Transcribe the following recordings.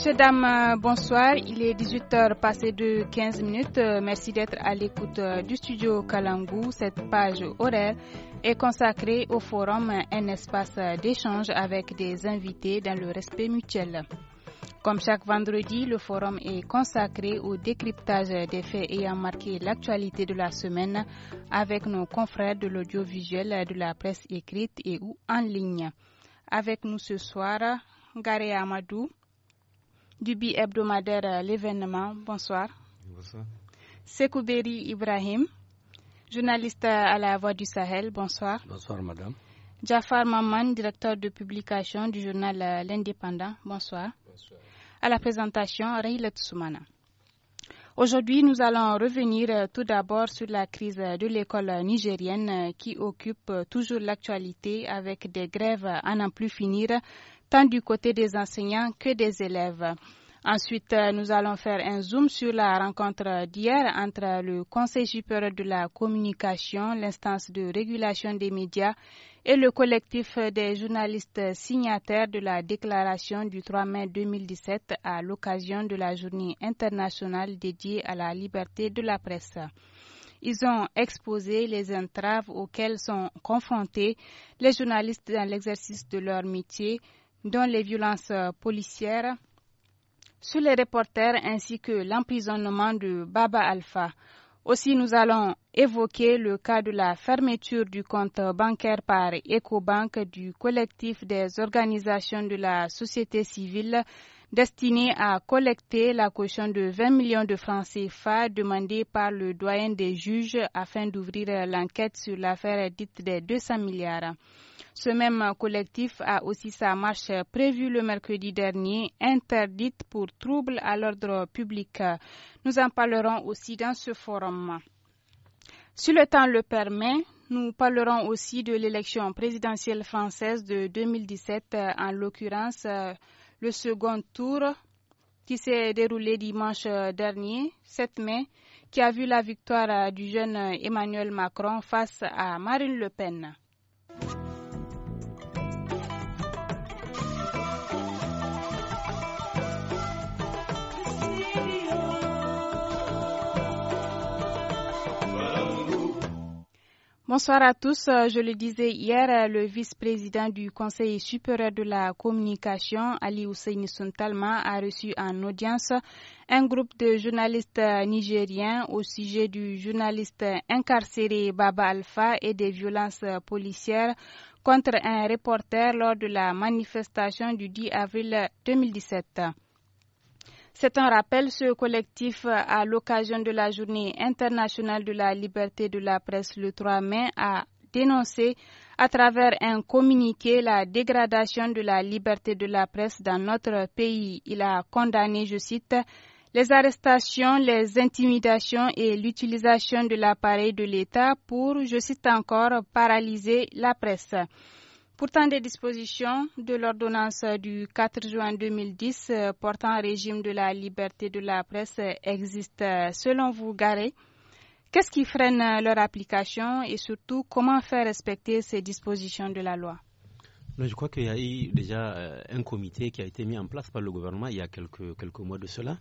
Messieurs, dames, euh, bonsoir. Il est 18 heures passé de 15 minutes. Euh, merci d'être à l'écoute euh, du studio Kalangou. Cette page horaire est consacrée au forum Un espace d'échange avec des invités dans le respect mutuel. Comme chaque vendredi, le forum est consacré au décryptage des faits ayant marqué l'actualité de la semaine avec nos confrères de l'audiovisuel, de la presse écrite et ou en ligne. Avec nous ce soir, Gare Amadou, Dubi hebdomadaire euh, L'événement. Bonsoir. Bonsoir. Sekouberi Ibrahim, journaliste euh, à la Voix du Sahel. Bonsoir. Bonsoir, madame. Jafar Maman, directeur de publication du journal euh, L'Indépendant. Bonsoir. Bonsoir. À la présentation, Rayla Tsoumana. Aujourd'hui, nous allons revenir tout d'abord sur la crise de l'école nigérienne qui occupe toujours l'actualité avec des grèves à n'en plus finir tant du côté des enseignants que des élèves. Ensuite, euh, nous allons faire un zoom sur la rencontre d'hier entre le Conseil supérieur de la communication, l'instance de régulation des médias et le collectif des journalistes signataires de la déclaration du 3 mai 2017 à l'occasion de la journée internationale dédiée à la liberté de la presse. Ils ont exposé les entraves auxquelles sont confrontés les journalistes dans l'exercice de leur métier, dont les violences euh, policières sur les reporters ainsi que l'emprisonnement de Baba Alpha. Aussi, nous allons évoquer le cas de la fermeture du compte bancaire par EcoBank du collectif des organisations de la société civile destiné à collecter la caution de 20 millions de francs CFA demandée par le doyen des juges afin d'ouvrir l'enquête sur l'affaire dite des 200 milliards. Ce même collectif a aussi sa marche prévue le mercredi dernier, interdite pour troubles à l'ordre public. Nous en parlerons aussi dans ce forum. Si le temps le permet, nous parlerons aussi de l'élection présidentielle française de 2017, en l'occurrence le second tour, qui s'est déroulé dimanche euh, dernier, 7 mai, qui a vu la victoire euh, du jeune euh, Emmanuel Macron face à Marine Le Pen. Bonsoir à tous. Euh, je le disais hier, euh, le vice-président du Conseil supérieur de la communication, Ali Hussein Sontalma, a reçu en audience un groupe de journalistes euh, nigériens au sujet du journaliste incarcéré Baba Alpha et des violences policières contre un reporter lors de la manifestation du 10 avril 2017. C'est un rappel, ce collectif, euh, à l'occasion de la journée internationale de la liberté de la presse le 3 mai, a dénoncé à travers un communiqué la dégradation de la liberté de la presse dans notre pays. Il a condamné, je cite, les arrestations, les intimidations et l'utilisation de l'appareil de l'État pour, je cite encore, paralyser la presse. Pourtant, des dispositions de l'ordonnance du 4 juin 2010 euh, portant régime de la liberté de la presse existent euh, selon vous, Garé. Qu'est-ce qui freine euh, leur application et surtout comment faire respecter ces dispositions de la loi je crois qu'il y a eu déjà un comité qui a été mis en place par le gouvernement il y a quelques mois de cela,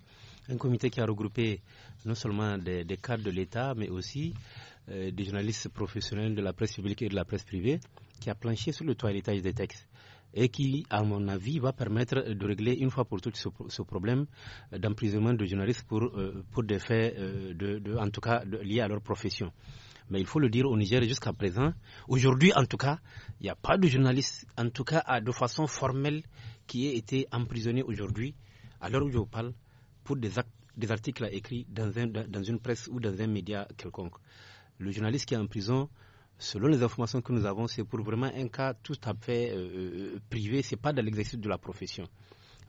un comité qui a regroupé non seulement des, cadres de l'État, mais aussi euh, des journalistes professionnels de la presse publique et de la presse privée, qui a planché sur le toilettage des textes et qui, à mon avis, va permettre de régler une fois pour toutes ce, problème d'emprisonnement de journalistes pour, euh, des faits, euh, en tout cas, liés à leur profession. Mais il faut le dire au Niger jusqu'à présent, aujourd'hui en tout cas, il n'y a pas de journaliste, en tout cas de façon formelle, qui ait été emprisonné aujourd'hui, à l'heure où je vous parle, pour des, articles écrits dans, dans une presse ou dans un média quelconque. Le journaliste qui est en prison, selon les informations que nous avons, c'est pour vraiment un cas tout à fait euh, euh, privé, ce n'est pas dans l'exercice de la profession.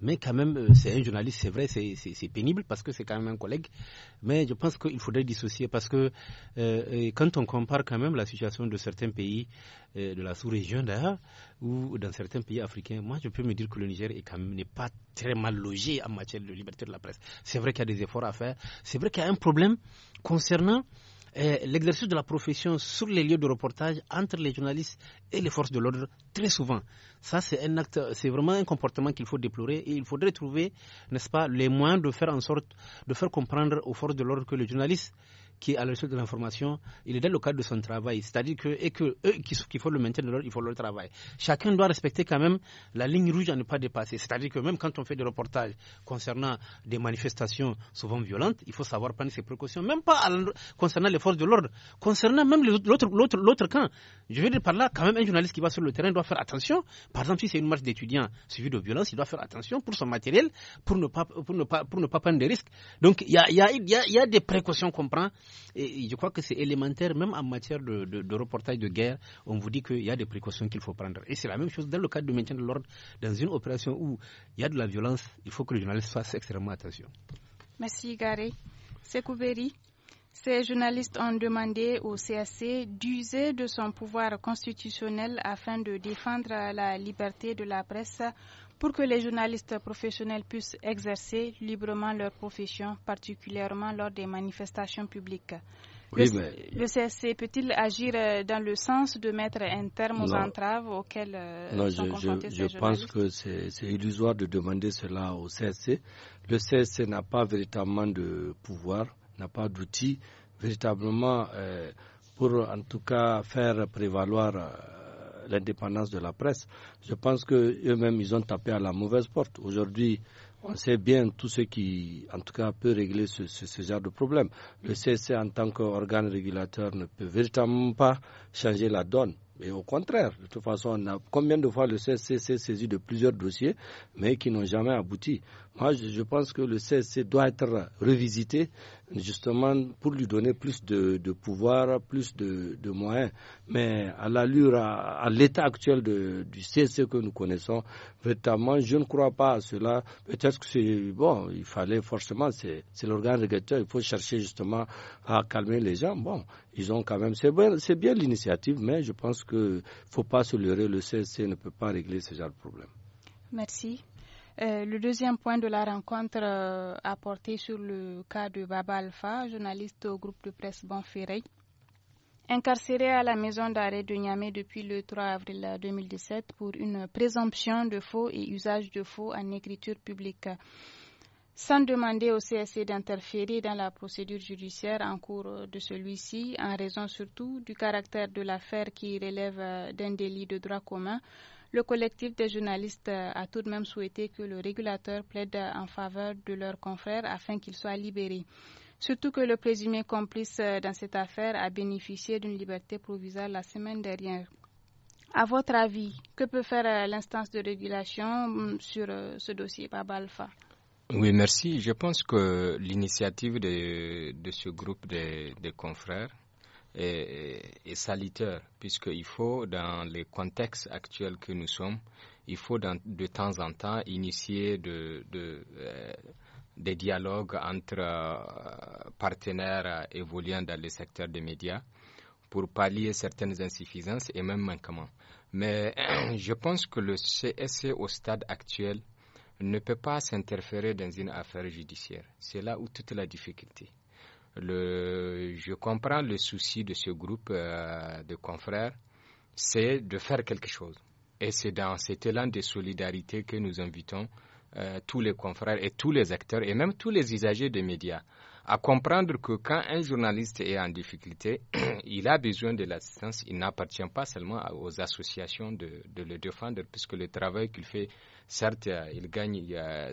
Mais quand même, euh, c'est un journaliste, c'est vrai, c'est pénible parce que c'est quand même un collègue. Mais je pense qu'il faudrait dissocier parce que euh, quand on compare quand même la situation de certains pays euh, de la sous-région d'ailleurs, ou dans certains pays africains, moi je peux me dire que le Niger n'est pas très mal logé en matière de liberté de la presse. C'est vrai qu'il y a des efforts à faire. C'est vrai qu'il y a un problème concernant l'exercice de la profession sur les lieux de reportage entre les journalistes et les forces de l'ordre très souvent. Ça, c'est un acte, c'est vraiment un comportement qu'il faut déplorer et il faudrait trouver, n'est-ce pas, les moyens de faire en sorte de faire comprendre aux forces de l'ordre que les journalistes qui à la recherche de l'information, il est dans le cadre de son travail. C'est-à-dire que, et que eux qui, faut le maintien de l'ordre, ils font leur travail. Chacun doit respecter quand même la ligne rouge à ne pas dépasser. C'est-à-dire que même quand on fait des reportages concernant des manifestations souvent violentes, il faut savoir prendre ses précautions, même pas concernant les forces de l'ordre, concernant même l'autre camp. Je veux dire par là, quand même, un journaliste qui va sur le terrain doit faire attention. Par exemple, si c'est une marche d'étudiants suivie de violence, il doit faire attention pour son matériel, pour ne pas, pour ne pas, pour ne pas prendre des risques. Donc, il y a, y, a, il y a des précautions qu'on prend et je crois que c'est élémentaire, même en matière de, reportage de guerre, on vous dit qu'il y a des précautions qu'il faut prendre. Et c'est la même chose dans le cadre du maintien de l'ordre. Dans une opération où il y a de la violence, il faut que le journaliste fasse extrêmement attention. Merci Gary. C'est Ces journalistes ont demandé au CAC d'user de son pouvoir constitutionnel afin de défendre la liberté de la presse pour que les journalistes professionnels puissent exercer librement leur profession, particulièrement lors des manifestations publiques. le, CSC peut-il agir euh, dans le sens de mettre un terme aux entraves auxquelles euh, sont je, je pense que c'est illusoire de demander cela au CSC. Le CSC n'a pas véritablement de pouvoir, n'a pas d'outils véritablement euh, pour en tout cas faire prévaloir l'indépendance de la presse. Je pense qu'eux-mêmes, ils ont tapé à la mauvaise porte. Aujourd'hui, on sait bien tout ce qui, en tout cas, peut régler ce, genre de problème. Le CSC, en tant qu'organe régulateur, ne peut véritablement pas changer la donne. Mais au contraire, de toute façon, on a combien de fois le CSC s'est saisi de plusieurs dossiers, mais qui n'ont jamais abouti. Moi, je, pense que le CSC doit être revisité justement pour lui donner plus de, pouvoir, plus de, moyens. Mais à l'allure, à, l'état actuel du CSC que nous connaissons, véritablement, je ne crois pas à cela. Peut-être que c'est bon, il fallait forcément, c'est l'organe régulateur, il faut chercher justement à calmer les gens. Bon, ils ont quand même, c'est bien, l'initiative, mais je pense qu'il ne faut pas se leurrer, le CSC ne peut pas régler ce genre de problème. Merci. Euh, le deuxième point de la rencontre euh, a porté sur le cas de Baba Alpha, journaliste au groupe de presse Bonferré. Incarcéré à la maison d'arrêt de Niamey depuis le 3 avril 2017 pour une présomption de faux et usage de faux en écriture publique. Sans demander au CSC d'interférer dans la procédure judiciaire en cours de celui-ci, en raison surtout du caractère de l'affaire qui relève euh, d'un délit de droit commun, le collectif des journalistes euh, a tout de même souhaité que le régulateur plaide euh, en faveur de leurs confrères afin qu'ils soient libérés. Surtout que le présumé complice euh, dans cette affaire a bénéficié d'une liberté provisoire la semaine dernière. À votre avis, que peut faire l'instance de régulation hum, sur ce dossier, Baba Oui, merci. Je pense que l'initiative de, ce groupe des de confrères est, saliteur salitaire, puisqu'il faut, dans les contextes actuels que nous sommes, il faut de temps en temps initier euh, des dialogues entre euh, partenaires évoluant dans le secteur des médias pour pallier certaines insuffisances et même manquements. Mais je pense que le CSC au stade actuel ne peut pas s'interférer dans une affaire judiciaire. C'est là où toute la difficulté je comprends le souci de ce groupe euh, de confrères, c'est de faire quelque chose. Et c'est dans cet élan de solidarité que nous invitons euh, tous les confrères et tous les acteurs et même tous les usagers des médias à comprendre que quand un journaliste est en difficulté, il a besoin de l'assistance. Il n'appartient pas seulement aux associations de, de, le défendre, puisque le travail qu'il fait, certes, euh, il gagne, euh,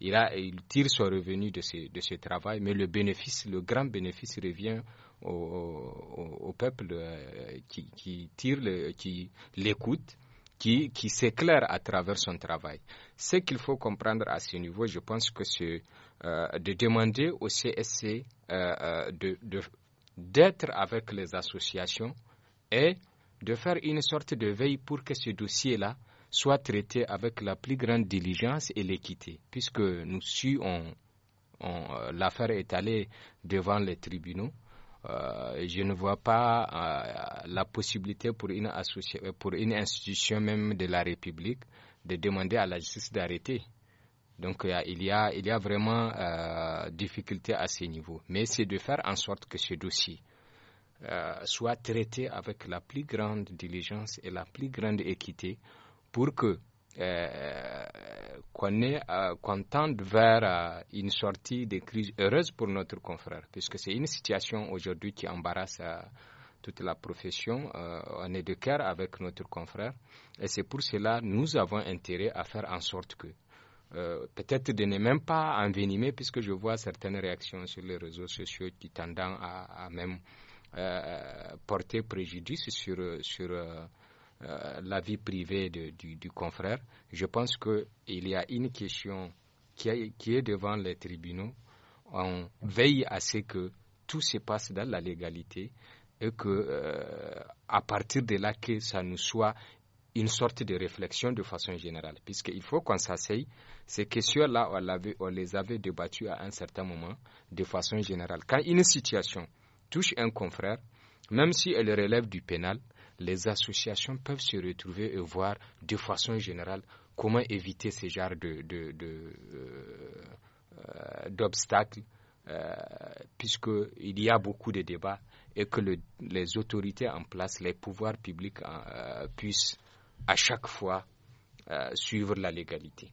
il, a, il, tire son revenu de ce, de ce, travail, mais le bénéfice, le grand bénéfice revient au, au, au peuple euh, qui, qui tire, le, qui l'écoute qui, qui s'éclaire à travers son travail. Ce qu'il faut comprendre à ce niveau, je pense que c'est euh, de demander au CSC euh, euh, d'être de, avec les associations et de faire une sorte de veille pour que ce dossier-là soit traité avec la plus grande diligence et l'équité, puisque nous, suons l'affaire est allée devant les tribunaux, je ne vois pas la possibilité pour une, pour une institution même de la République de demander à la justice d'arrêter donc il y a, il y a vraiment euh, difficulté à ces niveaux, Mais c'est de faire en sorte que ce dossier euh, soit traité avec la plus grande diligence et la plus grande équité pour que euh, qu'on euh, qu tente vers euh, une sortie de crise heureuse pour notre confrère, puisque c'est une situation aujourd'hui qui embarrasse euh, toute la profession. Euh, on est de cœur avec notre confrère. Et c'est pour cela nous avons intérêt à faire en sorte que euh, peut-être de ne même pas envenimer, puisque je vois certaines réactions sur les réseaux sociaux qui tendent à, même euh, porter préjudice sur, sur euh, la vie privée du, confrère. Je pense qu'il y a une question qui, est devant les tribunaux. On veille à ce que tout se passe dans la légalité et que à partir de là que ça nous soit une sorte de réflexion de façon générale, puisqu'il faut qu'on s'asseye. Ces questions-là, on, les avait débattues à un certain moment de façon générale. Quand une situation touche un confrère, même si elle relève du pénal, les associations peuvent se retrouver et voir de façon générale comment éviter ce genre de, euh, euh, d'obstacles, euh, il puisqu'il y a beaucoup de débats et que les autorités en place, les pouvoirs publics euh, puissent à chaque fois euh, suivre la légalité.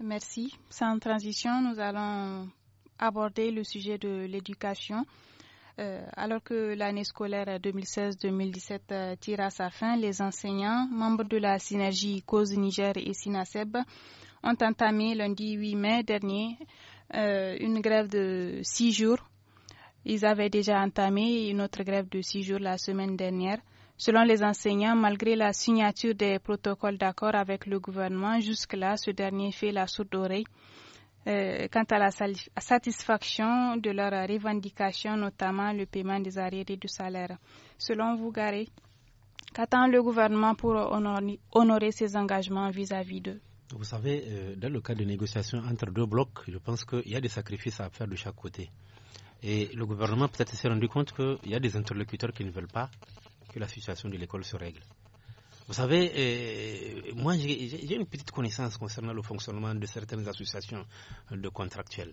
Merci. Sans transition, nous allons aborder le sujet de l'éducation. Euh, alors que l'année scolaire 2016-2017 tire à sa fin, les enseignants, membres de la synergie Cause Niger et SINASEB, ont entamé lundi 8 mai dernier euh, une grève de six jours. Ils avaient déjà entamé une autre grève de six jours la semaine dernière. Selon les enseignants, malgré la signature des protocoles d'accord avec le gouvernement, jusque-là, ce dernier fait la sourde oreille euh, quant à la satisfaction de leurs revendications, notamment le paiement des arriérés du salaire. Selon vous, Garé, qu'attend le gouvernement pour honorer ses engagements vis-à-vis d'eux Vous savez, euh, dans le cas de négociations entre deux blocs, je pense qu'il y a des sacrifices à faire de chaque côté. Et le gouvernement peut-être s'est rendu compte qu'il y a des interlocuteurs qui ne veulent pas que la situation de l'école se règle. Vous savez, euh, moi j'ai une petite connaissance concernant le fonctionnement de certaines associations de contractuels.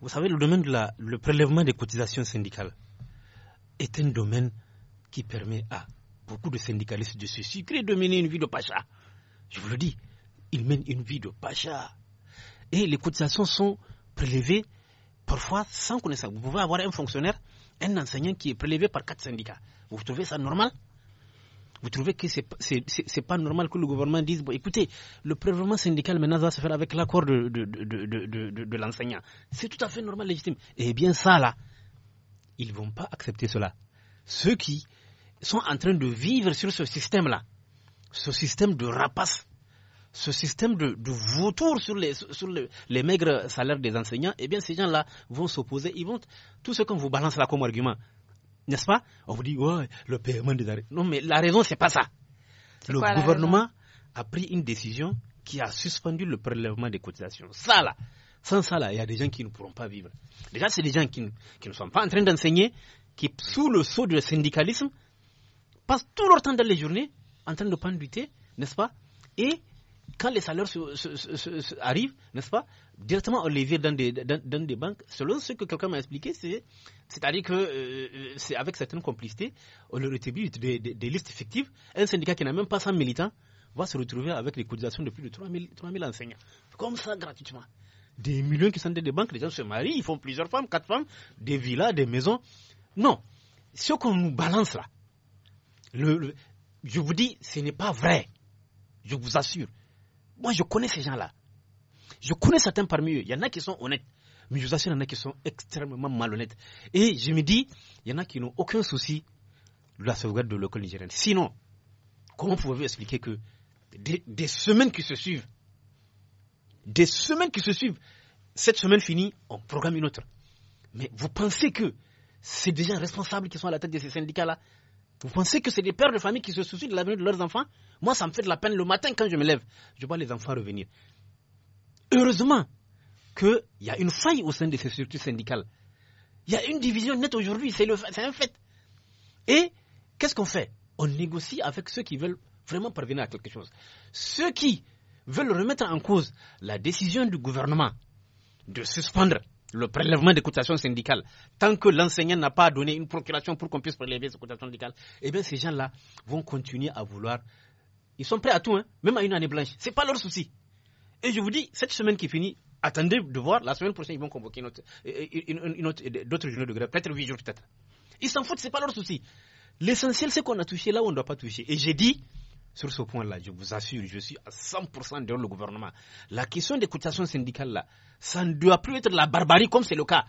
Vous savez, le domaine de la, le prélèvement des cotisations syndicales est un domaine qui permet à beaucoup de syndicalistes de se sucrer, de mener une vie de pacha. Je vous le dis, ils mènent une vie de pacha. Et les cotisations sont prélevées parfois sans connaissance. Vous pouvez avoir un fonctionnaire, un enseignant qui est prélevé par quatre syndicats. Vous trouvez ça normal Vous trouvez que ce n'est pas normal que le gouvernement dise bon, écoutez, le prélèvement syndical maintenant va se faire avec l'accord de, de, l'enseignant. C'est tout à fait normal, légitime. Eh bien, ça là, ils ne vont pas accepter cela. Ceux qui sont en train de vivre sur ce système-là, ce système de rapace, ce système de, de vautour sur, les, sur les, maigres salaires des enseignants, eh bien, ces gens-là vont s'opposer. Ils vont, tout ce qu'on vous balance là comme argument, n'est-ce pas On vous dit, ouais, le paiement des arrêts. Non, mais la raison, c'est pas ça. Le gouvernement a pris une décision qui a suspendu le prélèvement des cotisations. Ça, là, sans ça, là, il y a des gens qui ne pourront pas vivre. Déjà, c'est des gens qui, ne sont pas en train d'enseigner, qui, sous le sceau du syndicalisme, passent tout leur temps dans les journées en train de panduiter, n'est-ce pas Et quand les salaires arrivent, n'est-ce pas, directement on les vire dans des, dans, des banques. Selon ce que quelqu'un m'a expliqué, c'est-à-dire que euh, euh, c'est avec certaines complicités, on leur établit des, listes fictives. Un syndicat qui n'a même pas 100 militants va se retrouver avec les cotisations de plus de 3000 enseignants. Comme ça, gratuitement. Des millions qui sont dans des banques, les gens se marient, ils font plusieurs femmes, quatre femmes, des villas, des maisons. Non. Ce qu'on nous balance là, le, je vous dis, ce n'est pas vrai. Je vous assure. Moi, je connais ces gens-là. Je connais certains parmi eux. Il y en a qui sont honnêtes. Mais je vous assure, il y en a qui sont extrêmement malhonnêtes. Et je me dis, il y en a qui n'ont aucun souci de la sauvegarde de l'école nigérienne. Sinon, comment pouvez-vous expliquer que des, semaines qui se suivent, des semaines qui se suivent, cette semaine finie, on programme une autre. Mais vous pensez que c'est des gens responsables qui sont à la tête de ces syndicats-là vous pensez que c'est des pères de famille qui se soucient de l'avenir de leurs enfants Moi, ça me fait de la peine le matin quand je me lève. Je vois les enfants revenir. Heureusement qu'il y a une faille au sein de ces structures syndicales. Il y a une division nette aujourd'hui, c'est un fait. Et qu'est-ce qu'on fait On négocie avec ceux qui veulent vraiment parvenir à quelque chose. Ceux qui veulent remettre en cause la décision du gouvernement de suspendre le prélèvement des cotations syndicales, tant que l'enseignant n'a pas donné une procuration pour qu'on puisse prélever ces cotations syndicales, eh bien ces gens-là vont continuer à vouloir. Ils sont prêts à tout, hein, même à une année blanche. Ce n'est pas leur souci. Et je vous dis, cette semaine qui finit, attendez de voir, la semaine prochaine, ils vont convoquer euh, euh, d'autres une de grève, peut-être 8 jours, peut-être. Ils s'en foutent, ce n'est pas leur souci. L'essentiel, c'est qu'on a touché là où on ne doit pas toucher. Et j'ai dit, sur ce point-là, je vous assure, je suis à 100% derrière le gouvernement. La question des cotisations syndicales, là, ça ne doit plus être la barbarie comme c'est le cas.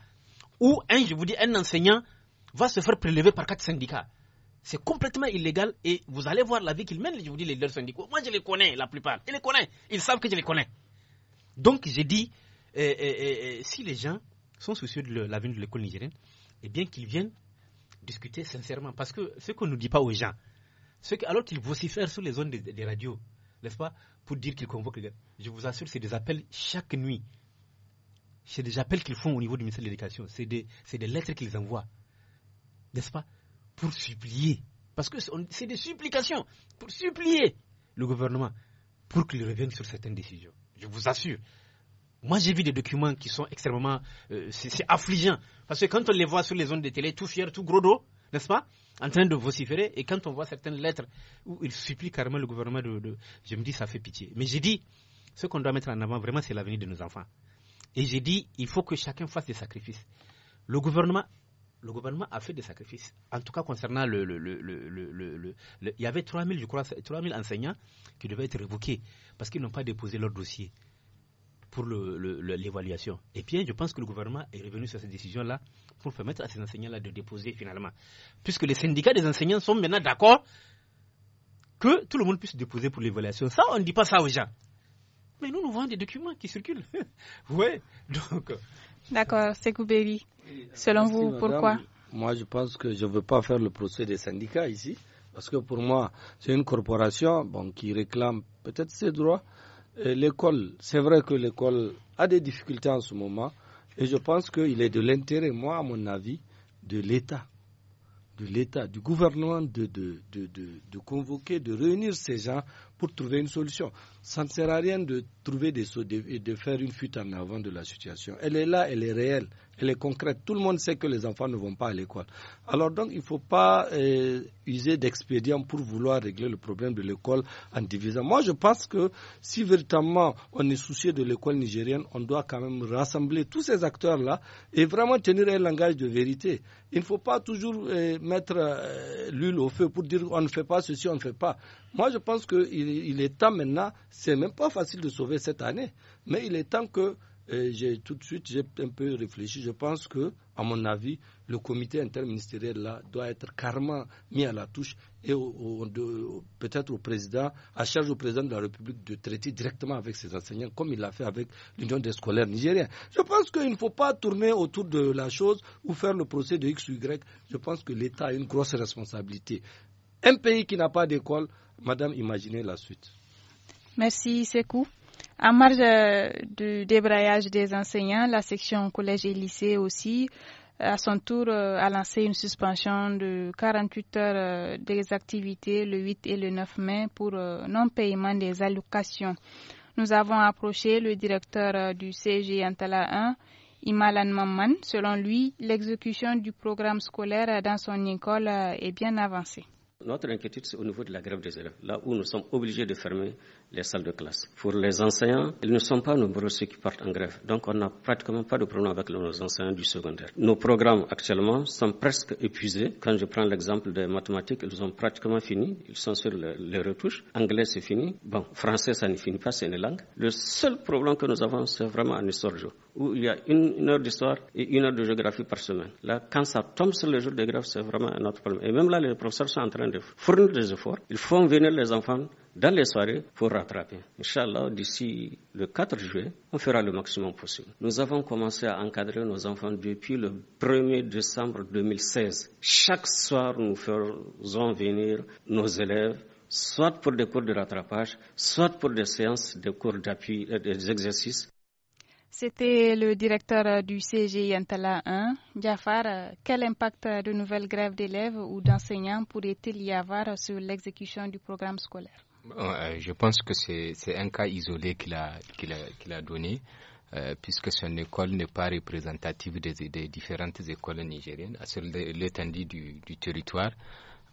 Où un, je vous dis, un enseignant va se faire prélever par quatre syndicats. C'est complètement illégal et vous allez voir la vie qu'ils mènent, je vous dis, les leaders syndicaux. Moi, je les connais, la plupart. Ils les connaissent, Ils savent que je les connais. Donc, j'ai dit, euh, euh, euh, si les gens sont soucieux de l'avenir de l'école nigérienne, eh bien qu'ils viennent discuter sincèrement. Parce que ce qu'on ne dit pas aux gens, alors qu'ils vocifèrent sur les zones des, radios, n'est-ce pas, pour dire qu'ils convoquent les Je vous assure, c'est des appels chaque nuit. C'est des appels qu'ils font au niveau du ministère de l'Éducation. C'est des, lettres qu'ils envoient, n'est-ce pas, pour supplier. Parce que c'est des supplications pour supplier le gouvernement pour qu'il revienne sur certaines décisions. Je vous assure. Moi, j'ai vu des documents qui sont extrêmement. Euh, c'est affligeant. Parce que quand on les voit sur les zones de télé, tout fier, tout gros dos, n'est-ce pas en train de vociférer. Et quand on voit certaines lettres où il supplie carrément le gouvernement de, je me dis, ça fait pitié. Mais j'ai dit, ce qu'on doit mettre en avant vraiment, c'est l'avenir de nos enfants. Et j'ai dit, il faut que chacun fasse des sacrifices. Le gouvernement, a fait des sacrifices. En tout cas, concernant le. il y avait 3000, je crois, enseignants qui devaient être évoqués parce qu'ils n'ont pas déposé leur dossier pour l'évaluation. Et bien, je pense que le gouvernement est revenu sur cette décision-là pour permettre à ces enseignants-là de déposer finalement. Puisque les syndicats des enseignants sont maintenant d'accord que tout le monde puisse déposer pour l'évaluation. Ça, on ne dit pas ça aux gens. Mais nous, nous voyons des documents qui circulent. oui, donc. D'accord, Koubeli. Selon vous, pourquoi Moi, je pense que je ne veux pas faire le procès des syndicats ici. Parce que pour moi, c'est une corporation qui réclame peut-être ses droits, euh, l'école, c'est vrai que l'école a des difficultés en ce moment, et je pense qu'il est de l'intérêt, moi, à mon avis, de l'État, de l'État, du gouvernement, de, de, convoquer, de réunir ces gens pour trouver une solution ça ne sert à rien de trouver des sauts et de faire une fuite en avant de la situation. Elle est là, elle est réelle, elle est concrète. Tout le monde sait que les enfants ne vont pas à l'école. Alors donc, il ne faut pas euh, user d'expédients pour vouloir régler le problème de l'école en divisant. Moi, je pense que si véritablement on est soucié de l'école nigérienne, on doit quand même rassembler tous ces acteurs-là et vraiment tenir un langage de vérité. Il ne faut pas toujours euh, mettre euh, l'huile au feu pour dire on ne fait pas ceci, on ne fait pas. Moi, je pense qu'il il est temps maintenant ce n'est même pas facile de sauver cette année. Mais il est temps que euh, j'ai tout de suite j'ai un peu réfléchi. Je pense que, à mon avis, le comité interministériel doit être carrément mis à la touche et peut-être au président, à charge au président de la République de traiter directement avec ses enseignants, comme il l'a fait avec l'Union des scolaires nigériens. Je pense qu'il ne faut pas tourner autour de la chose ou faire le procès de X ou Y. Je pense que l'État a une grosse responsabilité. Un pays qui n'a pas d'école, madame, imaginez la suite. Merci, Sekou. En marge euh, du débrayage des enseignants, la section collège et lycée aussi, à son tour, euh, a lancé une suspension de 48 heures euh, des activités le 8 et le 9 mai pour non-paiement des allocations. Nous avons approché le directeur du CG Antala 1, Imalan Mamman. Selon lui, l'exécution du programme scolaire dans son école est bien avancée. Notre inquiétude, c'est au niveau de la grève des élèves, là où nous sommes obligés de fermer les salles de classe. Pour les enseignants, ils ne sont pas nombreux ceux qui partent en grève. Donc, on n'a pratiquement pas de problème avec nos enseignants du secondaire. Nos programmes actuellement sont presque épuisés. Quand je prends l'exemple des mathématiques, ils ont pratiquement fini. Ils sont sur les retouches. Anglais, c'est fini. Bon, français, ça n'est fini pas, c'est une langue. Le seul problème que nous avons, c'est vraiment en histoire jour, où il y a une, heure d'histoire et une heure de géographie par semaine. Là, quand ça tombe sur le jour de grève, c'est vraiment un autre problème. Et même là, les professeurs sont en train de fournir des efforts. Ils font venir les enfants dans les soirées pour rattraper. Inch'Allah, d'ici le 4 juillet, on fera le maximum possible. Nous avons commencé à encadrer nos enfants depuis le 1er décembre 2016. Chaque soir, nous faisons venir nos élèves soit pour des cours de rattrapage, soit pour des séances des cours d'appui et des exercices. C'était le directeur du CG Yantala 1. Jafar, quel impact de nouvelles grèves d'élèves ou d'enseignants pourrait-il y avoir sur l'exécution du programme scolaire euh, je pense que c'est un cas isolé qu'il a, a, a, donné, euh, puisque son école n'est pas représentative des, des, différentes écoles nigériennes, à l'étendue du, du, territoire.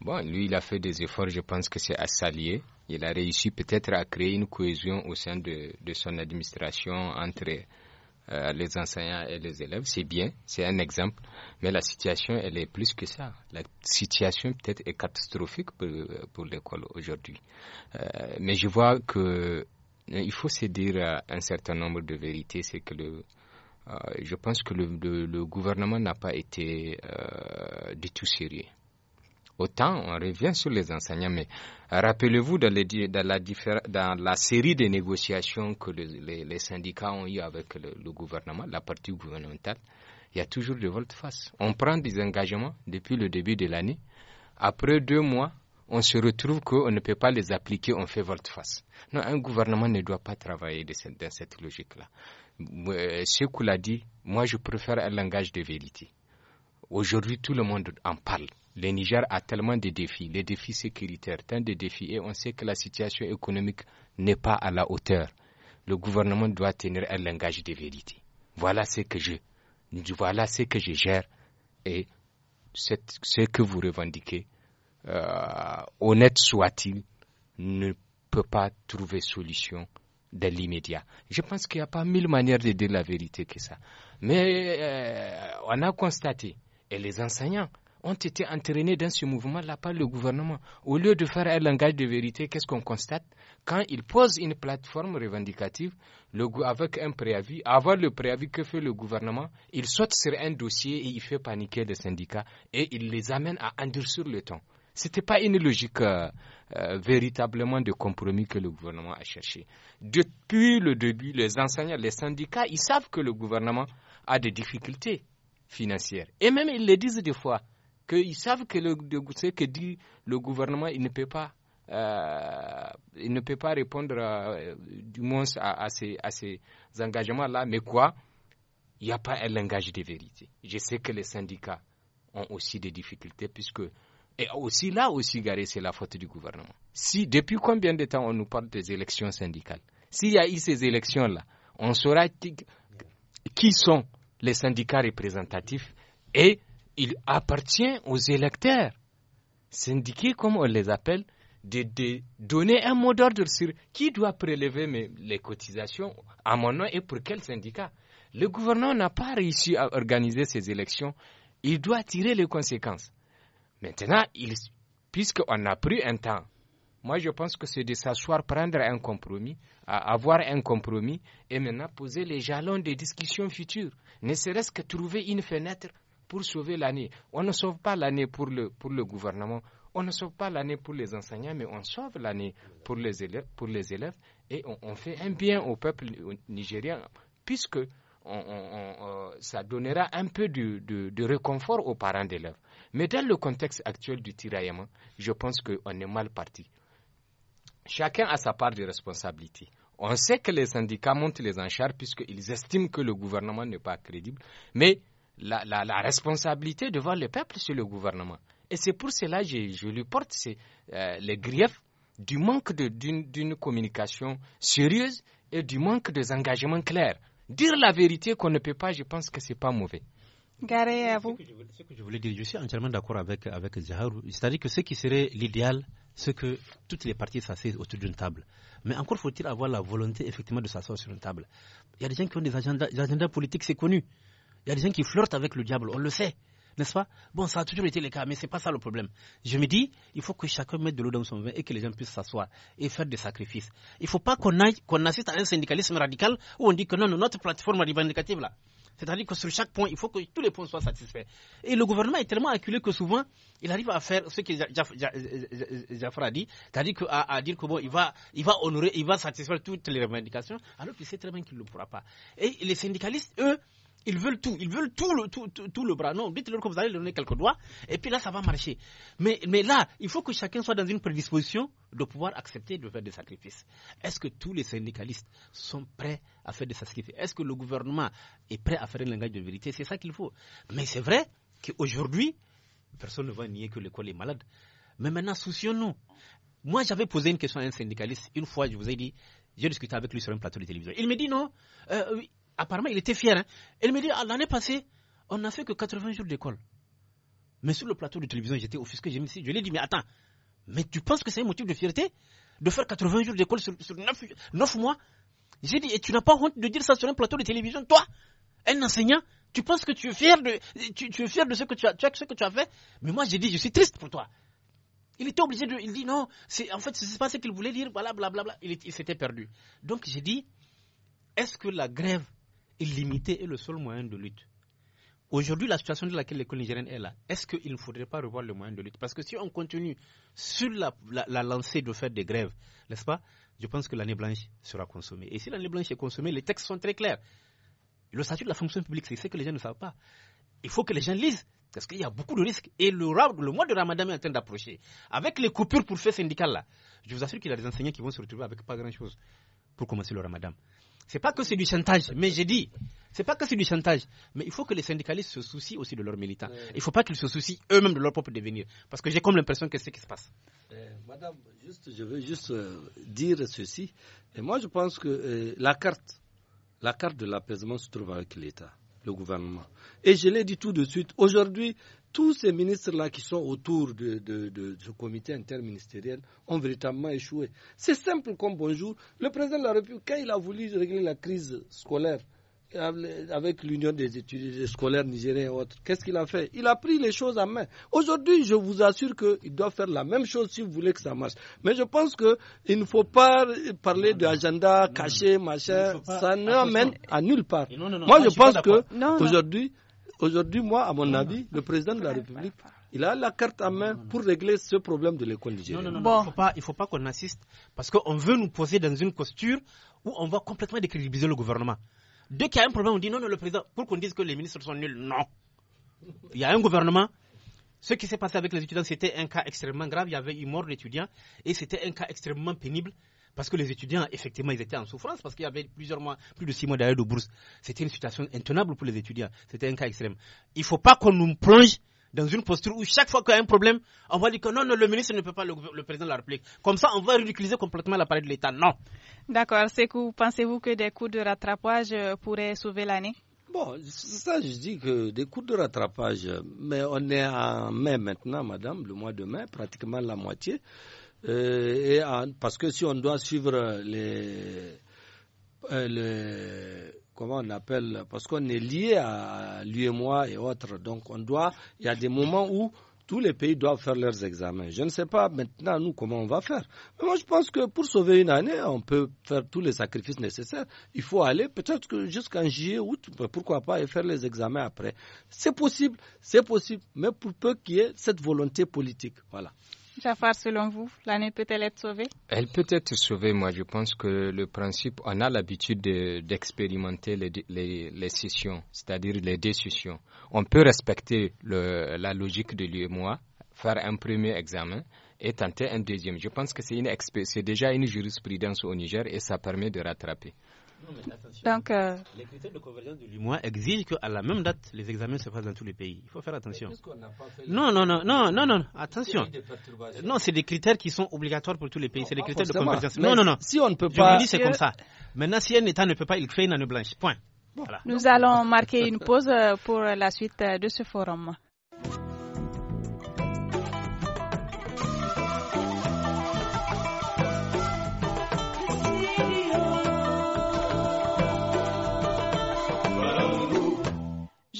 Bon, lui, il a fait des efforts, je pense que c'est à s'allier. Il a réussi peut-être à créer une cohésion au sein de, de son administration entre euh, les enseignants et les élèves, c'est bien, c'est un exemple, mais la situation, elle est plus que ça. La situation peut-être est catastrophique pour, l'école aujourd'hui. Euh, mais je vois que euh, il faut se dire un certain nombre de vérités, c'est que le, je pense que le, le, le gouvernement n'a pas été du tout sérieux. Autant on revient sur les enseignants, mais rappelez-vous dans, la, série de négociations que les, syndicats ont eues avec le, gouvernement, la partie gouvernementale, il y a toujours de volte-face. On prend des engagements depuis le début de l'année. Après deux mois, on se retrouve qu'on ne peut pas les appliquer, on fait volte-face. Non, un gouvernement ne doit pas travailler dans cette logique-là. Euh, ce qu'on a dit, moi je préfère un langage de vérité. Aujourd'hui, tout le monde en parle. Le Niger a tellement de défis, les défis sécuritaires, tant de défis, et on sait que la situation économique n'est pas à la hauteur. Le gouvernement doit tenir un langage de vérité. Voilà ce que je, voilà ce que je gère et ce que vous revendiquez, euh, honnête soit-il, ne peut pas trouver solution dans l'immédiat. Je pense qu'il n'y a pas mille manières de dire la vérité que ça. Mais euh, on a constaté, et les enseignants, ont été entraînés dans ce mouvement-là par le gouvernement. Au lieu de faire un langage de vérité, qu'est-ce qu'on constate Quand ils posent une plateforme revendicative avec un préavis, avoir le préavis que fait le gouvernement, il saute sur un dossier et il fait paniquer les syndicats et il les amène à endurcir le temps. Ce n'était pas une logique euh, euh, véritablement de compromis que le gouvernement a cherché. Depuis le début, les enseignants, les syndicats, ils savent que le gouvernement a des difficultés financières. Et même ils le disent des fois qu'ils savent que le, ce que dit le gouvernement, il ne peut pas. Euh, il ne peut pas répondre euh, du moins à, à ces, à ces engagements-là. Mais quoi Il n'y a pas un langage de vérité. Je sais que les syndicats ont aussi des difficultés puisque et aussi là aussi, Garé, c'est la faute du gouvernement. Si depuis combien de temps on nous parle des élections syndicales S'il y a eu ces élections-là, on saura qui sont les syndicats représentatifs et il appartient aux électeurs, syndiqués comme on les appelle, de, donner un mot d'ordre sur qui doit prélever les cotisations à mon nom et pour quel syndicat. Le gouvernement n'a pas réussi à organiser ces élections. Il doit tirer les conséquences. Maintenant, puisqu'on a pris un temps, moi je pense que c'est de s'asseoir, prendre un compromis, avoir un compromis et maintenant poser les jalons des discussions futures, ne serait-ce que trouver une fenêtre pour sauver l'année. On ne sauve pas l'année pour le, pour le gouvernement, on ne sauve pas l'année pour les enseignants, mais on sauve l'année pour les élèves, pour les élèves et on, fait un bien au peuple nigérien, puisque euh, ça donnera un peu de, de, de réconfort aux parents d'élèves. Mais dans le contexte actuel du tiraillement, je pense qu'on est mal parti. Chacun a sa part de responsabilité. On sait que les syndicats montent les enchères puisqu'ils estiment que le gouvernement n'est pas crédible, mais la, la, la responsabilité devant le peuple sur le gouvernement. Et c'est pour cela que je, je lui porte euh, les griefs du manque d'une communication sérieuse et du manque des engagements clairs. Dire la vérité qu'on ne peut pas, je pense que ce n'est pas mauvais. Garé à vous. Ce que, je, voulais dire, je suis entièrement d'accord avec, avec Zaharou. C'est-à-dire que ce qui serait l'idéal, c'est que toutes les parties s'asseyent autour d'une table. Mais encore faut-il avoir la volonté, effectivement, de s'asseoir sur une table. Il y a des gens qui ont des agendas, des agendas politiques, c'est connu. Il y a des gens qui flirtent avec le diable, on le sait, n'est-ce pas Bon, ça a toujours été le cas, mais ce n'est pas ça le problème. Je me dis, il faut que chacun mette de l'eau dans son vin et que les gens puissent s'asseoir et faire des sacrifices. Il ne faut pas qu'on qu'on assiste à un syndicalisme radical où on dit que non, notre plateforme revendicative là, c'est-à-dire que sur chaque point, il faut que tous les points soient satisfaits. Et le gouvernement est tellement acculé que souvent, il arrive à faire ce que Jafra a dit, c'est-à-dire qu'il il va, il va honorer, il va satisfaire toutes les revendications, alors qu'il sait très bien qu'il ne le pourra pas. Et les syndicalistes, eux, ils veulent tout. Ils veulent tout le, tout, le bras. Non, dites-leur que vous allez leur donner quelques doigts et puis là, ça va marcher. Mais, mais là, il faut que chacun soit dans une prédisposition de pouvoir accepter de faire des sacrifices. Est-ce que tous les syndicalistes sont prêts à faire des sacrifices Est-ce que le gouvernement est prêt à faire un langage de vérité C'est ça qu'il faut. Mais c'est vrai qu'aujourd'hui, personne ne va nier que l'école est malade. Mais maintenant, soucions-nous. Moi, j'avais posé une question à un syndicaliste. Une fois, je vous ai dit, j'ai discuté avec lui sur un plateau de télévision. Il me dit non, euh, apparemment, il était fier. Elle hein. me dit, ah, l'année passée, on n'a fait que 80 jours d'école. Mais sur le plateau de télévision, j'étais au Je, je lui ai dit, mais attends, mais tu penses que c'est un motif de fierté de faire 80 jours d'école sur, sur 9, mois J'ai dit, et tu n'as pas honte de dire ça sur un plateau de télévision, toi, un enseignant tu penses que tu es fier de, tu, es fier de ce que tu as, ce que tu as fait Mais moi, j'ai dit, je suis triste pour toi. Il était obligé de, il dit non, c'est, en fait, ce n'est pas ce qu'il voulait dire, blablabla. il s'était perdu. Donc, j'ai dit, est-ce que la grève limité est le seul moyen de lutte. Aujourd'hui, la situation de laquelle l'école nigérienne est là, est-ce qu'il ne faudrait pas revoir le moyen de lutte Parce que si on continue sur la, lancée de faire des grèves, n'est-ce pas Je pense que l'année blanche sera consommée. Et si l'année blanche est consommée, les textes sont très clairs. Le statut de la fonction publique, c'est ce que les gens ne savent pas. Il faut que les gens lisent. Parce qu'il y a beaucoup de risques. Et le, le mois de Ramadan est en train d'approcher. Avec les coupures pour faire syndical là, je vous assure qu'il y a des enseignants qui vont se retrouver avec pas grand-chose pour commencer le Ramadan. C'est pas que c'est du chantage, mais j'ai dit, c'est pas que c'est du chantage, mais il faut que les syndicalistes se soucient aussi de leurs militants. Il il faut pas qu'ils se soucient eux-mêmes de leur propre devenir, parce que j'ai comme l'impression que c'est ce qui se passe. Eh, madame, juste, je veux juste euh, dire ceci. Et moi, je pense que euh, la carte, la carte de l'apaisement se trouve avec l'État, le gouvernement. Et je l'ai dit tout de suite. Aujourd'hui, tous ces ministres-là qui sont autour de, de, de, ce comité interministériel ont véritablement échoué. C'est simple comme bonjour. Le président de la République, quand il a voulu régler la crise scolaire avec l'Union des étudiants scolaires nigériens et autres, qu'est-ce qu'il a fait Il a pris les choses en main. Aujourd'hui, je vous assure qu'il doit faire la même chose si vous voulez que ça marche. Mais je pense qu'il ne faut pas parler d'agenda caché, machin. ça n'amène à nulle part. Moi, je pense qu'aujourd'hui... Aujourd'hui, moi, à mon avis, le président de la République, il a la carte à main pour régler ce problème de l'école nigérienne. Non, non, non, il ne faut pas, qu'on assiste parce qu'on veut nous poser dans une posture où on va complètement décrédibiliser le gouvernement. Dès qu'il y a un problème, on dit non, non, le président, pour qu'on dise que les ministres sont nuls, non. Il y a un gouvernement. Ce qui s'est passé avec les étudiants, c'était un cas extrêmement grave. Il y avait eu mort d'étudiants et c'était un cas extrêmement pénible. Parce que les étudiants, effectivement, ils étaient en souffrance parce qu'il y avait plusieurs mois, plus de six mois d'arrêt de bourse. C'était une situation intenable pour les étudiants. C'était un cas extrême. Il ne faut pas qu'on nous plonge dans une posture où chaque fois qu'il y a un problème, on va dire que non, le ministre ne peut pas, le, président de la République. Comme ça, on va ridiculiser complètement l'appareil de l'État. Non. D'accord. Pensez-vous que des coups de rattrapage euh, pourraient sauver l'année Bon, ça, je dis que des coups de rattrapage, mais on est en mai maintenant, madame, le mois de mai, pratiquement la moitié. Euh, et parce que si on doit suivre euh, les, comment on appelle, parce qu'on est lié à lui et moi et autres, donc on doit, il y a des moments où tous les pays doivent faire leurs examens. Je ne sais pas maintenant, nous, comment on va faire. Mais moi, je pense que pour sauver une année, on peut faire tous les sacrifices nécessaires. Il faut aller peut-être jusqu'en juillet, août, pourquoi pas, et faire les examens après. C'est possible, c'est possible, mais pour peu qu'il y ait cette volonté politique. Voilà. Jafar, selon vous, l'année peut-elle être sauvée Elle peut être sauvée, moi je pense que le principe, on a l'habitude d'expérimenter les, les, sessions, c'est-à-dire les décisions. On peut respecter la logique de moi, faire un premier examen et tenter un deuxième. Je pense que c'est déjà une jurisprudence au Niger et ça permet de rattraper. Donc, euh, Les critères de convergence de l'UMOA exigent qu'à la même date, les examens se fassent dans tous les pays. Il faut faire attention. Non, non, non, non, non, non, attention. Non, c'est des critères qui sont obligatoires pour tous les pays. C'est des critères de convergence. non, non, non. Si on ne peut pas. Je vous dis, c'est comme ça. Maintenant, si un État ne peut pas, il crée une année blanche. Point. Voilà. Nous allons marquer une pause euh, pour la suite euh, de ce forum.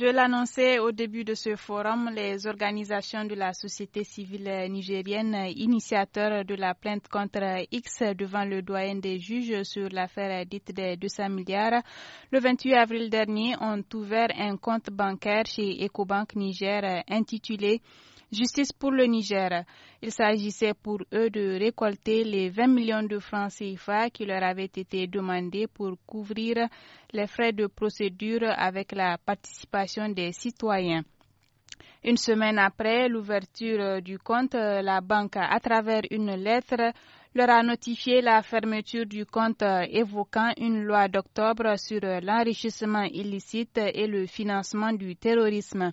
Je l'annonçais au début de ce forum, les organisations de la société civile nigérienne, initiateurs de la plainte contre X devant le doyen des juges sur l'affaire dite des 200 milliards, le 28 avril dernier ont ouvert un compte bancaire chez Ecobank Niger intitulé Justice pour le Niger. Il s'agissait pour eux de récolter les 20 millions de francs CFA qui leur avaient été demandés pour couvrir les frais de procédure avec la participation des citoyens. Une semaine après l'ouverture euh, du compte, euh, la banque, à travers une lettre, leur a notifié la fermeture du compte euh, évoquant une loi d'octobre sur l'enrichissement illicite et le financement du terrorisme.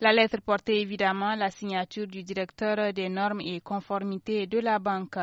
La lettre portait évidemment la signature du directeur des normes et conformités de la banque.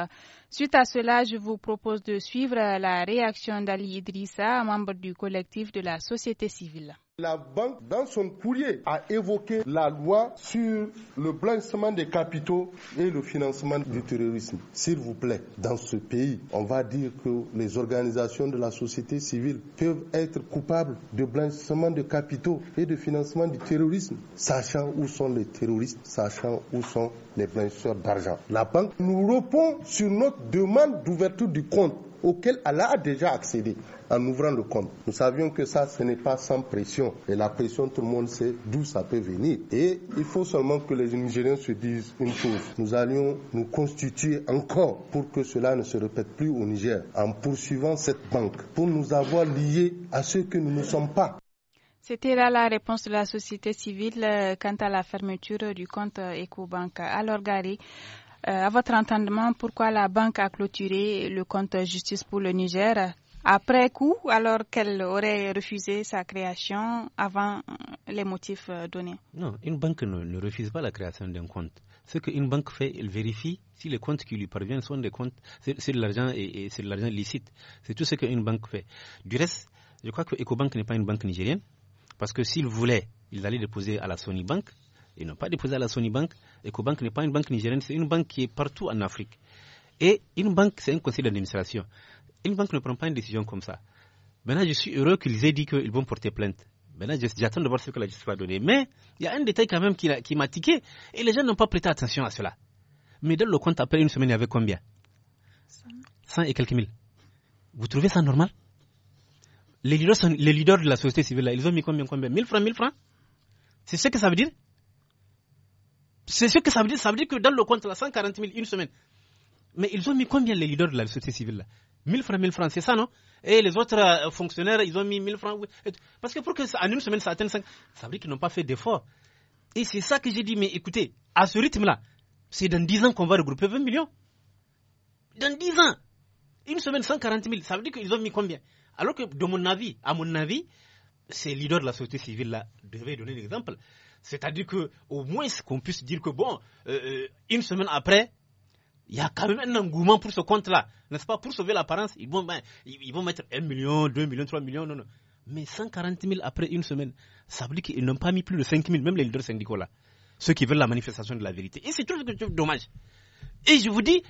Suite à cela, je vous propose de suivre la réaction d'Ali Idrissa, membre du collectif de la société civile. La banque, dans son courrier, a évoqué la loi sur le blanchiment des capitaux et le financement du terrorisme. S'il vous plaît, dans ce pays, on va dire que les organisations de la société civile peuvent être coupables de blanchiment de capitaux et de financement du terrorisme, sachant où sont les terroristes, sachant où sont les blanchisseurs d'argent. La banque nous répond sur notre demande d'ouverture du compte auquel Allah a déjà accédé en ouvrant le compte. Nous savions que ça, ce n'est pas sans pression. Et la pression, tout le monde sait d'où ça peut venir. Et il faut seulement que les Nigériens se disent une chose. Nous allions nous constituer encore pour que cela ne se répète plus au Niger en poursuivant cette banque pour nous avoir liés à ce que nous ne sommes pas. C'était là la réponse de la société civile euh, quant à la fermeture du compte EcoBank. Alors Gary, euh, à votre entendement, pourquoi la banque a clôturé le compte justice pour le Niger après coup, alors qu'elle aurait refusé sa création avant euh, les motifs euh, donnés Non, une banque ne, refuse pas la création d'un compte. Ce qu'une banque fait, elle vérifie si les comptes qui lui parviennent sont des comptes, c'est de l'argent et, c'est de l'argent licite. C'est tout ce qu'une banque fait. Du reste, je crois que EcoBank n'est pas une banque nigérienne, parce que s'il voulait, il allait déposer à la Sony Bank, ils n'ont pas déposé à la Sony Bank. EcoBank n'est pas une banque nigérienne, c'est une banque qui est partout en Afrique. Et une banque, c'est un conseil d'administration. Une banque ne prend pas une décision comme ça. Maintenant, je suis heureux qu'ils aient dit qu'ils vont porter plainte. Maintenant, j'attends de voir ce que la justice va donner. Mais il y a un détail quand même qui, m'a tiqué et les gens n'ont pas prêté attention à cela. Mais dans le compte, après une semaine, il y avait combien 100 et quelques mille. Vous trouvez ça normal les leaders, les leaders, de la société civile, là, ils ont mis combien, combien 1000 francs, 1000 francs C'est ce que ça veut dire c'est ce que ça veut dire. Ça veut dire que dans le compte, là, 140 000, une semaine. Mais ils ont mis combien les leaders de la société civile là 1000 francs, 1000 francs, c'est ça, non Et les autres euh, fonctionnaires, ils ont mis 1000 francs. Parce que pour que en une semaine, ça atteigne 5, ça veut dire qu'ils n'ont pas fait d'efforts. Et c'est ça que j'ai dit, mais écoutez, à ce rythme-là, c'est dans 10 ans qu'on va regrouper 20 millions. Dans 10 ans Une semaine, 140 000, ça veut dire qu'ils ont mis combien Alors que, de mon avis, à mon avis, ces leaders de la société civile-là devaient donner l'exemple. C'est-à-dire que au moins qu'on puisse dire que bon, euh, euh, une semaine après, il y a quand même un engouement pour ce compte-là, n'est-ce pas Pour sauver l'apparence, ils vont, ben, mettre 1 million, 2 millions, 3 millions, non, non. Mais 140 000 après une semaine, ça veut dire qu'ils n'ont pas mis plus de 5 000, même les leaders syndicaux là, ceux qui veulent la manifestation de la vérité. Et c'est tout dommage. Et je vous dis,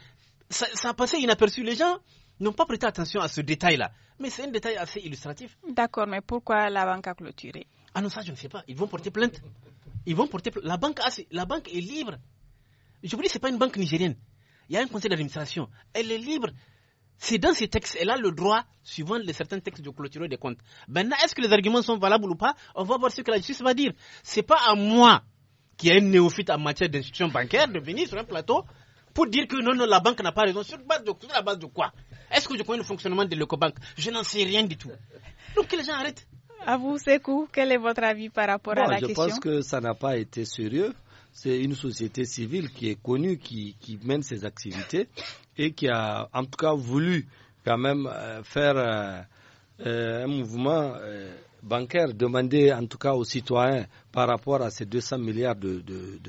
ça, ça a passé inaperçu. Les gens n'ont pas prêté attention à ce détail-là. Mais c'est un détail assez illustratif. D'accord, mais pourquoi la banque a clôturé Ah non, ça je ne sais pas. Ils vont porter plainte. Ils vont porter. La banque, la banque est libre. Je vous dis, c'est pas une banque nigérienne. Il y a un conseil d'administration. Elle est libre. C'est dans ces textes. Elle a le droit, suivant les certains textes, de clôture des comptes. Maintenant, est-ce que les arguments sont valables ou pas On va voir ce que la justice va dire. c'est pas à moi, qui est un néophyte en matière d'institution bancaire, de venir sur un plateau pour dire que non, non, la banque n'a pas raison. Sur, base de, la base de quoi Est-ce que je connais le fonctionnement de leco l'EcoBank Je n'en sais rien du tout. Donc que les gens arrêtent. À vous, Sekou, quel est votre avis par rapport à la question Je pense que ça n'a pas été sérieux. C'est une société civile qui est connue, qui, qui, mène ses activités et qui a en tout cas voulu quand même euh, faire euh, euh, un mouvement bancaire, demander en tout cas aux citoyens par rapport à ces 200 milliards de, de,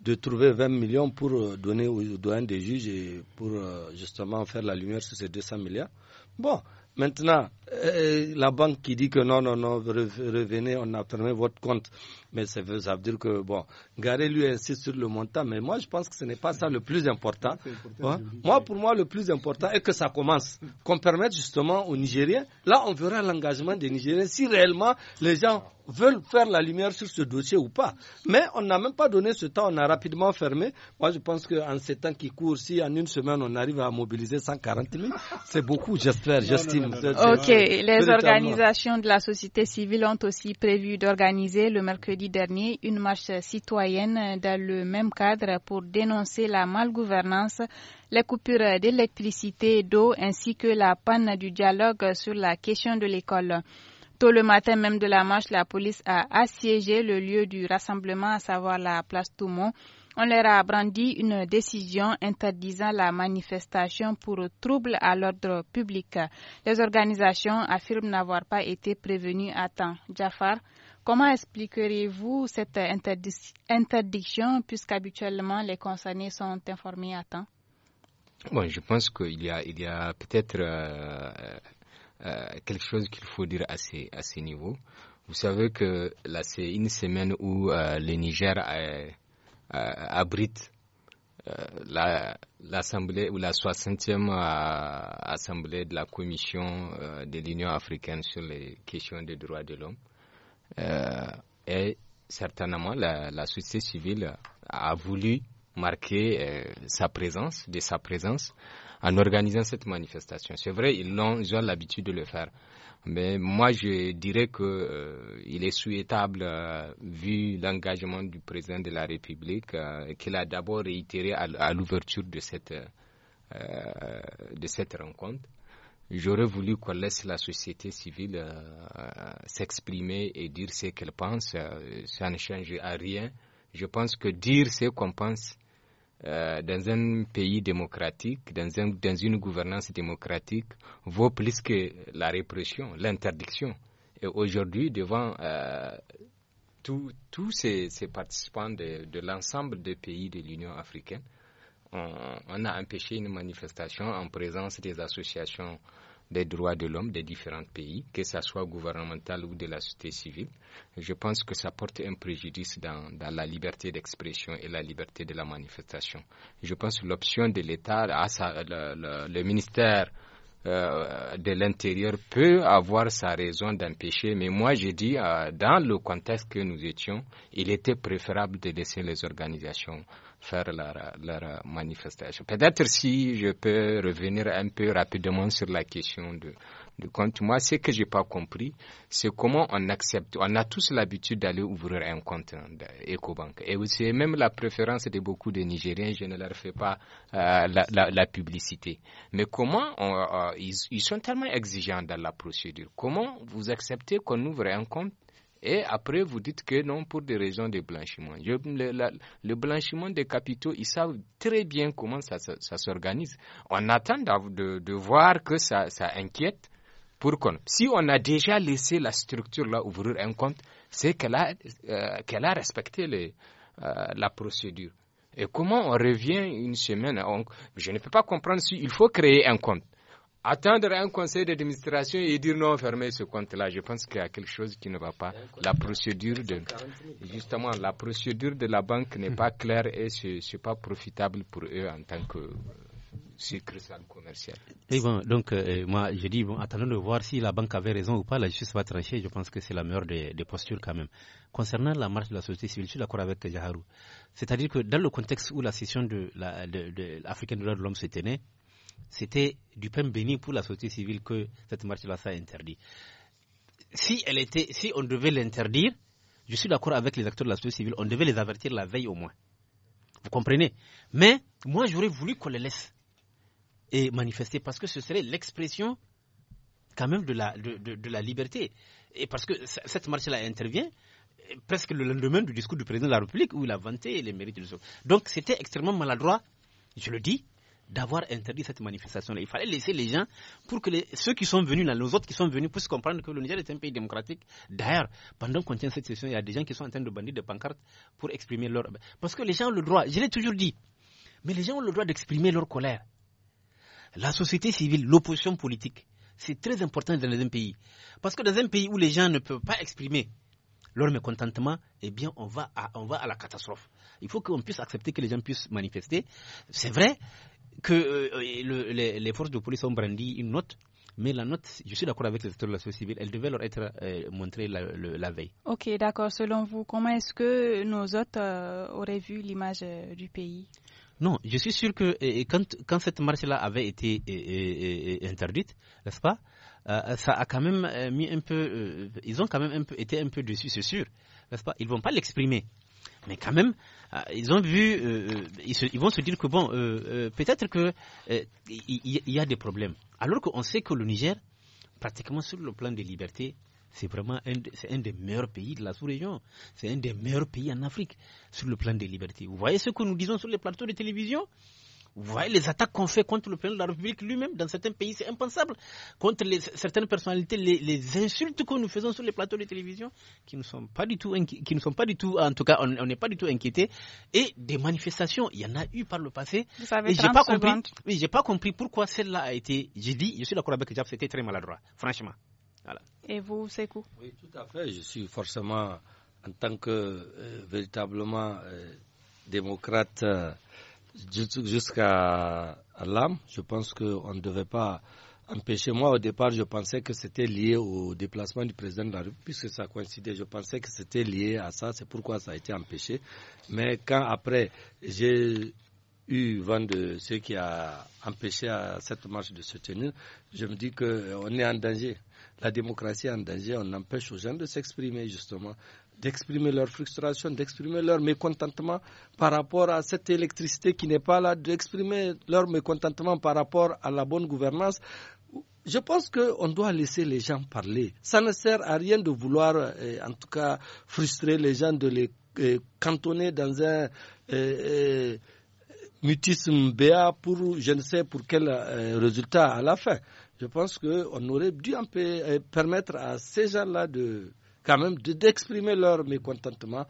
de, trouver 20 millions pour donner aux doyens des juges et pour justement faire la lumière sur ces 200 milliards. Bon, Maintenant, euh, euh, la banque qui dit que non, non, non, revenez, on a fermé votre compte. Mais ça veut, dire que, bon, Garé lui insiste sur le montant, mais moi je pense que ce n'est pas ça le plus important. Hein? Moi, pour moi, le plus important est que ça commence, qu'on permette justement aux Nigériens, là on verra l'engagement des Nigériens, si réellement les gens veulent faire la lumière sur ce dossier ou pas. Mais on n'a même pas donné ce temps, on a rapidement fermé. Moi, je pense qu'en ces temps qui courent, si en une semaine on arrive à mobiliser 140 000, c'est beaucoup, j'espère, j'estime. Ok, les organisations de la société civile ont aussi prévu d'organiser le mercredi dernier une marche citoyenne dans le même cadre pour dénoncer la malgouvernance, les coupures d'électricité et d'eau ainsi que la panne du dialogue sur la question de l'école. Tôt le matin même de la marche, la police a assiégé le lieu du rassemblement, à savoir la place Toumont. On leur a brandi une décision interdisant la manifestation pour trouble à l'ordre public. Les organisations affirment n'avoir pas été prévenues à temps. Jafar, Comment expliquerez-vous cette interdiction puisqu'habituellement les concernés sont informés à temps je pense qu'il y a, peut-être euh, euh, quelque chose qu'il faut dire à ce, niveau. Vous savez que là, c'est une semaine où euh, le Niger abrite l'assemblée ou la 60e assemblée de la Commission de l'Union africaine sur les questions des droits de l'homme. Euh, et certainement la, société civile a voulu marquer euh, sa présence, de sa présence, en organisant cette manifestation. C'est vrai, ils ont, l'habitude de le faire. Mais moi, je dirais que euh, il est souhaitable, vu l'engagement du président de la République, qu'il a d'abord réitéré à, l'ouverture de cette de cette rencontre, J'aurais voulu qu'on laisse la société civile euh, s'exprimer et dire ce qu'elle pense. Euh, ça ne change à rien. Je pense que dire ce qu'on pense euh, dans un pays démocratique, dans, une gouvernance démocratique, vaut plus que la répression, l'interdiction. Et aujourd'hui, devant tous ces, participants de l'ensemble des pays de l'Union africaine, on, a empêché une manifestation en présence des associations des droits de l'homme des différents pays, que ce soit gouvernemental ou de la société civile. Je pense que ça porte un préjudice dans, la liberté d'expression et la liberté de la manifestation. Je pense que l'option de l'État, le, le, ministère euh, de l'Intérieur peut avoir sa raison d'empêcher, mais moi j'ai dit, euh, dans le contexte que nous étions, il était préférable de laisser les organisations faire leur, manifestation. Peut-être si je peux revenir un peu rapidement sur la question de, de compte. Moi, ce que n'ai pas compris, c'est comment on accepte. On a tous l'habitude d'aller ouvrir un compte d'EcoBank. Et c'est même la préférence de beaucoup de Nigériens. Je ne leur fais pas euh, la, publicité. Mais comment euh, ils, sont tellement exigeants dans la procédure. Comment vous acceptez qu'on ouvre un compte et après, vous dites que non, pour des raisons de blanchiment. le, blanchiment des capitaux, ils savent très bien comment ça, s'organise. On attend de, voir que ça, inquiète pour qu'on. Si on a déjà laissé la structure là ouvrir un compte, c'est qu'elle a, euh, respecté les, euh, la procédure. Et comment on revient une semaine Je ne peux pas comprendre s'il faut créer un compte attendre un conseil d'administration et dire non, fermer ce compte-là, je pense qu'il y a quelque chose qui ne va pas. La procédure de, justement, la procédure de la banque n'est pas claire et ce n'est pas profitable pour eux en tant que sucre commercial. Et donc, euh, moi, je dis, bon, attendons de voir si la banque avait raison ou pas. La justice va trancher. Je pense que c'est la meilleure des, postures quand même. Concernant la marche de la société civile, je suis d'accord avec Jaharou. C'est-à-dire que dans le contexte où la session de l'Africaine de, de, de l'homme se tenait, c'était du pain béni pour la société civile que cette marche-là s'est interdite. Si, elle était, si on devait l'interdire, je suis d'accord avec les acteurs de la société civile, on devait les avertir la veille au moins. Vous comprenez Mais moi, j'aurais voulu qu'on les laisse et manifester parce que ce serait l'expression quand même de la, la liberté. Et parce que cette marche-là intervient euh, presque le lendemain du discours du président de la République où il a vanté les mérites de l'eau. Donc c'était extrêmement maladroit, je le dis, d'avoir interdit cette manifestation Il fallait laisser les gens pour que ceux qui sont venus, là, nos autres qui sont venus, puissent comprendre que le Niger est un pays démocratique. D'ailleurs, pendant qu'on tient cette session, il y a des gens qui sont en train de bandir des pancartes pour exprimer leur. Parce que les gens ont le droit, je l'ai toujours dit, mais les gens ont le droit d'exprimer leur colère. La société civile, l'opposition politique, c'est très important dans un pays. Parce que dans un pays où les gens ne peuvent pas exprimer leur mécontentement, eh bien, on va on va à la catastrophe. Il faut qu'on puisse accepter que les gens puissent manifester. C'est vrai, que euh, les, forces de police ont brandi une note. Mais la note, je suis d'accord avec les acteurs de la société civile, elle devait leur être euh, montrée la, veille. Ok, d'accord. Selon vous, comment est-ce que nos hôtes euh, auraient vu l'image du pays Non, je suis sûr que quand, cette marche-là avait été interdite, n'est-ce pas Ça a quand même mis un peu. ils ont quand même été un peu dessus, c'est sûr. N'est-ce pas Ils ne vont pas l'exprimer mais quand même, euh, ils ont vu, euh, euh, ils, vont se dire que bon, peut-être qu'il y, a des problèmes. Alors qu'on sait que le Niger, pratiquement sur le plan des libertés, c'est vraiment un, un, des meilleurs pays de la sous-région. C'est un des meilleurs pays en Afrique sur le plan des libertés. Vous voyez ce que nous disons sur les plateaux de télévision vous voyez les attaques qu'on fait contre le président de la République lui-même. Dans certains pays, c'est impensable. Contre certaines personnalités, les, insultes que nous faisons sur les plateaux de télévision, qui ne sont pas du tout, qui ne sont pas du tout, en tout cas, on n'est pas du tout inquiété. Et des manifestations, il y en a eu par le passé. Vous savez, j'ai pas compris. Oui, j'ai pas compris pourquoi celle-là a été. J'ai dit, je suis d'accord avec Jab, c'était très maladroit, franchement. Et vous, Sekou Oui, tout à fait. Je suis forcément, en tant que euh, véritablement euh, démocrate. Euh, jusqu'à l'âme. Je pense qu'on ne devait pas empêcher. Moi, au départ, je pensais que c'était lié au déplacement du président de la République, puisque ça coïncidait. Je pensais que c'était lié à ça. C'est pourquoi ça a été empêché. Mais quand après, j'ai eu vent de ce qui a empêché cette marche de se tenir, je me dis qu'on euh, est en danger la démocratie est en danger, on empêche aux gens de s'exprimer justement, d'exprimer leur frustration, d'exprimer leur mécontentement par rapport à cette électricité qui n'est pas là, d'exprimer leur mécontentement par rapport à la bonne gouvernance. Je pense qu'on doit laisser les gens parler. Ça ne sert à rien de vouloir, euh, en tout cas, frustrer les gens, de les euh, cantonner dans un euh, mutisme béat pour je ne sais pour quel résultat à la fin je pense qu'on aurait dû euh, permettre à ces gens-là de quand même d'exprimer leur mécontentement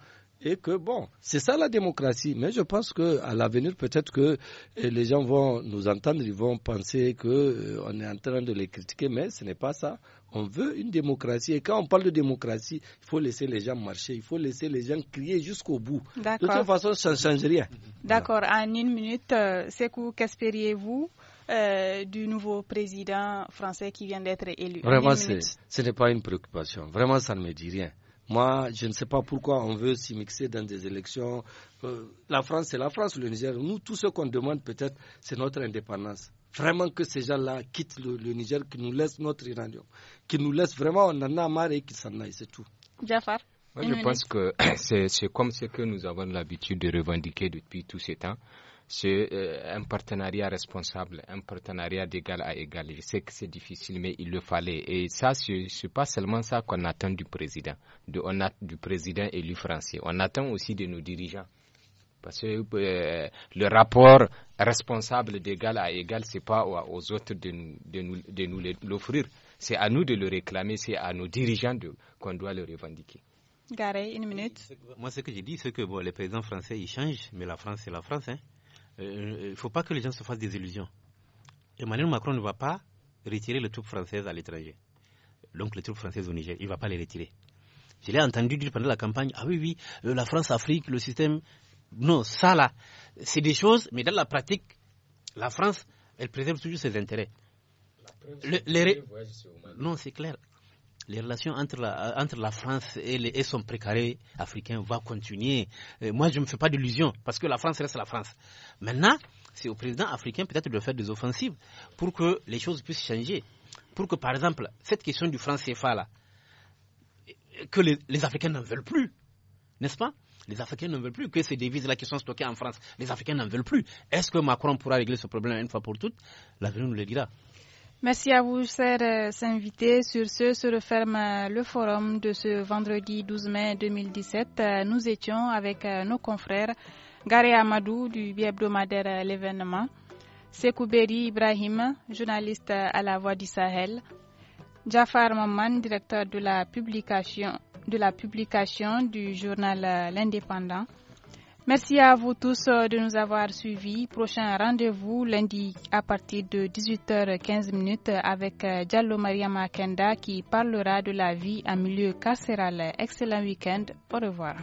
et que bon, c'est ça la démocratie. Mais je pense qu'à l'avenir, peut-être que euh, les gens vont nous entendre, ils vont penser qu'on euh, est en train de les critiquer, mais ce n'est pas ça. On veut une démocratie. Et quand on parle de démocratie, il faut laisser les gens marcher, il faut laisser les gens crier jusqu'au bout. De toute façon, ça ne change rien. D'accord. En une minute, Sekou, qu'espériez-vous euh, du nouveau président français qui vient d'être élu. Vraiment, ce n'est pas une préoccupation. Vraiment, ça ne me dit rien. Moi, je ne sais pas pourquoi on veut s'y mixer dans des élections. Euh, la France, c'est la France, le Niger. Nous, tout ce qu'on demande, peut-être, c'est notre indépendance. Vraiment que ces gens-là quittent le, Niger, qu'ils nous laissent notre iranien, Qu'ils nous laissent vraiment, on en a marre et qu'ils s'en aillent, c'est tout. Jafar Moi, je pense que c'est comme ce que nous avons l'habitude de revendiquer depuis tous ces temps c'est euh, un partenariat responsable, un partenariat d'égal à égal. Je sais que c'est difficile, mais il le fallait. Et ça, n'est pas seulement ça qu'on attend du président, de, du président élu français. On attend aussi de nos dirigeants. Parce que euh, le rapport responsable d'égal à égal, ce n'est pas aux autres de nous, l'offrir. C'est à nous de le réclamer, c'est à nos dirigeants qu'on doit le revendiquer. Garey, une minute. Moi, ce que j'ai dit, c'est que bon, les présidents français, ils changent, mais la France, c'est la France. Hein. Euh, il ne faut pas que les gens se fassent des illusions. Emmanuel Macron ne va pas retirer les troupes françaises à l'étranger. Donc les troupes françaises au Niger, il ne va pas les retirer. Je l'ai entendu dire pendant la campagne, ah oui, oui, euh, la France-Afrique, le système... Non, ça là, c'est des choses, mais dans la pratique, la France, elle préserve toujours ses intérêts. Non, c'est clair les relations euh, entre la, France et, les, et son précaré africain va continuer. Euh, moi, je ne me fais pas d'illusions parce que la France reste la France. Maintenant, c'est au président africain peut-être de faire des offensives pour que les choses puissent changer. Pour que, par exemple, cette question du franc CFA, que les, Africains n'en veulent plus, n'est-ce pas les Africains n'en veulent plus que ces devises-là qui sont stockées en France. Les Africains n'en veulent plus. Est-ce que Macron pourra régler ce problème une fois pour toutes L'avenir nous le dira. Merci à vous, chers euh, invités. Sur ce, se referme euh, le forum de ce vendredi 12 mai 2017. Euh, nous étions avec nos confrères Gary Amadou du bi-hebdomadaire L'événement, Sekouberi Ibrahim, journaliste à la Voix du Sahel, Jafar Maman, directeur de la publication, de la publication du journal L'Indépendant, Merci à vous tous euh, de nous avoir suivis. Prochain rendez-vous lundi à partir de 18h15 avec euh, Diallo Maria Makenda qui parlera de la vie en milieu carcéral. Excellent week-end. Au revoir.